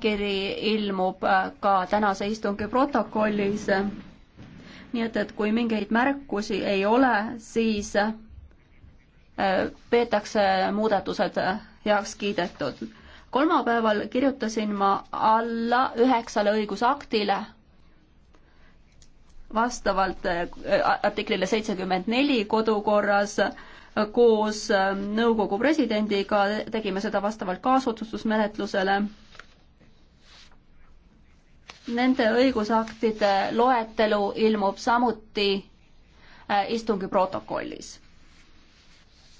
kiri ilmub äh, ka tänase istungi protokollis. nii et, et kui mingeid märkusi ei ole, siis äh, peetakse muudatused äh, heaks kiidetud. kolmapäeval kirjutasin ma alla üheksale õigusaktile vastavalt artiklile seitsekümmend neli kodukorras koos nõukogu presidendiga tegime seda vastavalt kaasotsustusmenetlusele Nende õigusaktide loetelu ilmub samuti äh, istungi protokollis